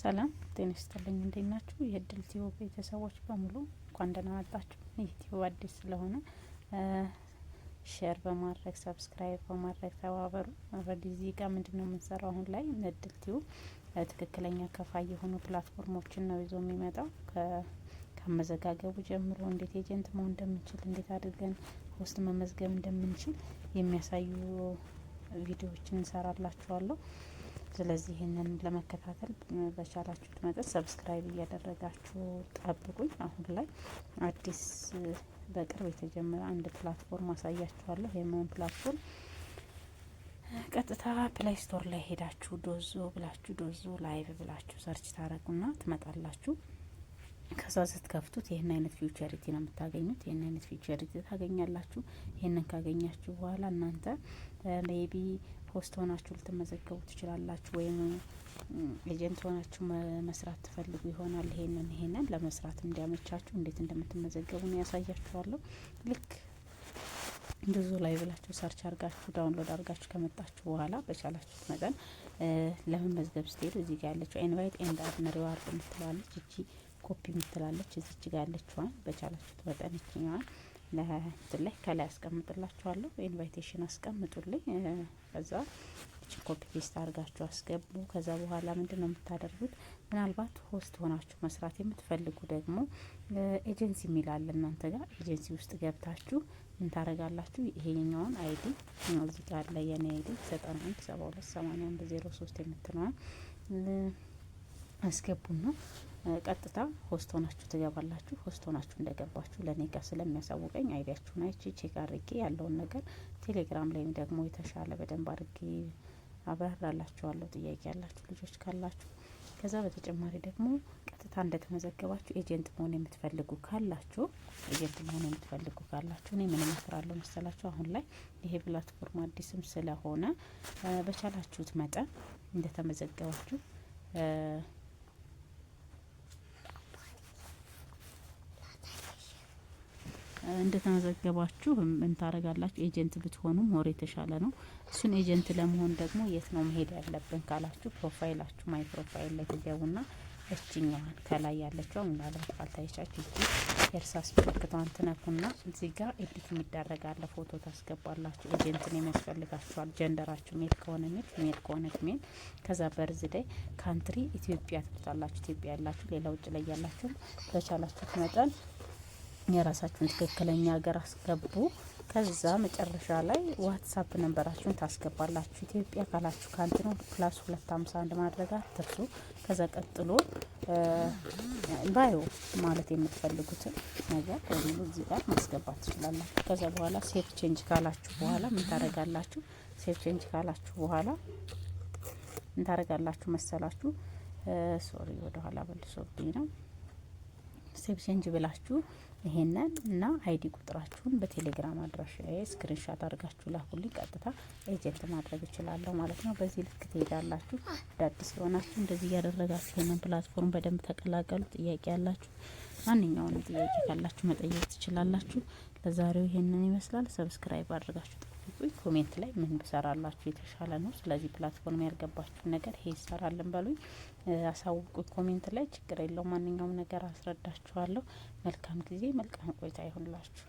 ሰላም ጤና ይስጥልኝ። እንዴት ናችሁ? የድል ቲዩብ ቤተሰቦች በሙሉ እንኳን ደህና መጣችሁ። ይህ ቲዩብ አዲስ ስለሆነ ሼር በማድረግ ሰብስክራይብ በማድረግ ተባበሩ። ኦልሬዲ እዚህ ጋር ምንድን ነው የምንሰራው? አሁን ላይ እድል ቲዩብ ትክክለኛ ከፋይ የሆኑ ፕላትፎርሞችን ነው ይዞ የሚመጣው ከአመዘጋገቡ ጀምሮ እንዴት ኤጀንት መሆን እንደምንችል እንዴት አድርገን ውስጥ መመዝገብ እንደምንችል የሚያሳዩ ቪዲዮዎችን እንሰራላችኋለሁ። ስለዚህ ይህንን ለመከታተል በቻላችሁት መጠን ሰብስክራይብ እያደረጋችሁ ጠብቁኝ። አሁን ላይ አዲስ በቅርብ የተጀመረ አንድ ፕላትፎርም አሳያችኋለሁ። የመሆን ፕላትፎርም ቀጥታ ፕላይ ስቶር ላይ ሄዳችሁ ዶዞ ብላችሁ ዶዞ ላይቭ ብላችሁ ሰርች ታረጉና ትመጣላችሁ። ከዛ ስትከፍቱት ይህን አይነት ፊውቸሪቲ ነው የምታገኙት። ይህን አይነት ፊውቸሪቲ ታገኛላችሁ። ይህንን ካገኛችሁ በኋላ እናንተ ሜቢ ሆስት ሆናችሁ ልትመዘገቡ ትችላላችሁ፣ ወይም ኤጀንት ሆናችሁ መስራት ትፈልጉ ይሆናል። ይሄንን ይሄንን ለመስራት እንዲያመቻችሁ እንዴት እንደምትመዘገቡ ነው ያሳያችኋለሁ። ልክ ብዙ ላይ ብላችሁ ሰርች አርጋችሁ ዳውንሎድ አርጋችሁ ከመጣችሁ በኋላ በቻላችሁት መጠን ለመመዝገብ ስትሄዱ እዚህ ጋር ያለችው ኢንቫይት ኤንድ አድን ሪዋርድ የምትላለች እቺ ኮፒ የምትላለች እዚች ጋር ያለችዋን በቻላችሁት መጠን ይችኛዋል እንትን ላይ ከላይ አስቀምጥላችኋለሁ። ኢንቫይቴሽን አስቀምጡልኝ። ከዛ ችን ኮፒ ፔስት አድርጋችሁ አስገቡ። ከዛ በኋላ ምንድን ነው የምታደርጉት? ምናልባት ሆስት ሆናችሁ መስራት የምትፈልጉ ደግሞ ኤጀንሲ የሚላለ እናንተ ጋር ኤጀንሲ ውስጥ ገብታችሁ ምን ታደርጋላችሁ? ይሄኛውን አይዲ እዚህ ጋር ላይ የኔ አይዲ ዘጠና አንድ ሰባ ሁለት ሰማኒያ አንድ ዜሮ ሶስት የምትለዋል አስገቡና ቀጥታ ሆስት ሆናችሁ ትገባላችሁ። ሆስት ሆናችሁ እንደገባችሁ ለእኔ ጋር ስለሚያሳውቀኝ አይዲያችሁን አይቼ ቼክ አድርጌ ያለውን ነገር ቴሌግራም ላይም ደግሞ የተሻለ በደንብ አድርጌ አብራራላችኋለሁ። ጥያቄ ያላችሁ ልጆች ካላችሁ ከዛ በተጨማሪ ደግሞ ቀጥታ እንደተመዘገባችሁ ኤጀንት መሆን የምትፈልጉ ካላችሁ ኤጀንት መሆን የምትፈልጉ ካላችሁ እኔ ምን እመክራለሁ መሰላችሁ? አሁን ላይ ይሄ ፕላትፎርም አዲስም ስለሆነ በቻላችሁት መጠን እንደተመዘገባችሁ እንደተመዘገባችሁ ምን ታደረጋላችሁ? ኤጀንት ብትሆኑ ሞር የተሻለ ነው። እሱን ኤጀንት ለመሆን ደግሞ የት ነው መሄድ ያለብን ካላችሁ ፕሮፋይላችሁ ማይ ፕሮፋይል ላይ ትገቡና እችኛዋን ከላይ ያለችው ምናልባት ካልታየቻችሁ እጅ የእርሳስ ምልክቷን ትነኩና እዚህ ጋር ኤዲት የሚደረጋለ ፎቶ ታስገባላችሁ። ኤጀንትን የሚያስፈልጋችኋል። ጀንደራችሁ ሜል ከሆነ ሜል፣ ሜል ከሆነ ሜል። ከዛ በርዝ ላይ ካንትሪ ኢትዮጵያ ትሉታላችሁ። ኢትዮጵያ ያላችሁ ሌላ ውጭ ላይ ያላችሁ በቻላችሁት መጠን የራሳችሁን ትክክለኛ ሀገር አስገቡ። ከዛ መጨረሻ ላይ ዋትሳፕ ነንበራችሁን ታስገባላችሁ። ኢትዮጵያ ካላችሁ ከአንድ ነው ፕላስ ሁለት ሀምሳ አንድ ማድረግ አትርሱ። ከዛ ቀጥሎ ባዮ ማለት የምትፈልጉትን ነገር በሙሉ እዚህ ጋር ማስገባት ትችላላችሁ። ከዛ በኋላ ሴፍ ቼንጅ ካላችሁ በኋላ ምን ታደርጋላችሁ? ሴፍ ቼንጅ ካላችሁ በኋላ ምን ታደርጋላችሁ መሰላችሁ? ሶሪ ወደኋላ በልሶብኝ ነው ሴቭ ቼንጅ ብላችሁ ይሄንን እና አይዲ ቁጥራችሁን በቴሌግራም ላይ ስክሪንሻት አድርጋችሁ ላኩልኝ። ቀጥታ ኤጀንት ማድረግ እችላለሁ ማለት ነው። በዚህ ልክ ትሄዳላችሁ። አዳዲስ የሆናችሁ እንደዚህ እያደረጋችሁ ይሄንን ፕላትፎርም በደንብ ተቀላቀሉ። ጥያቄ ያላችሁ ማንኛውንም ጥያቄ ካላችሁ መጠየቅ ትችላላችሁ። ለዛሬው ይሄንን ይመስላል። ሰብስክራይብ አድርጋችሁ በሉኝ። ኮሜንት ላይ ምን ብሰራላችሁ የተሻለ ነው፣ ስለዚህ ፕላትፎርም ያልገባችሁን ነገር ይሄ ይሰራልን በሉኝ፣ አሳውቁ። ኮሜንት ላይ ችግር የለው፣ ማንኛውም ነገር አስረዳችኋለሁ። መልካም ጊዜ፣ መልካም ቆይታ ይሁንላችሁ።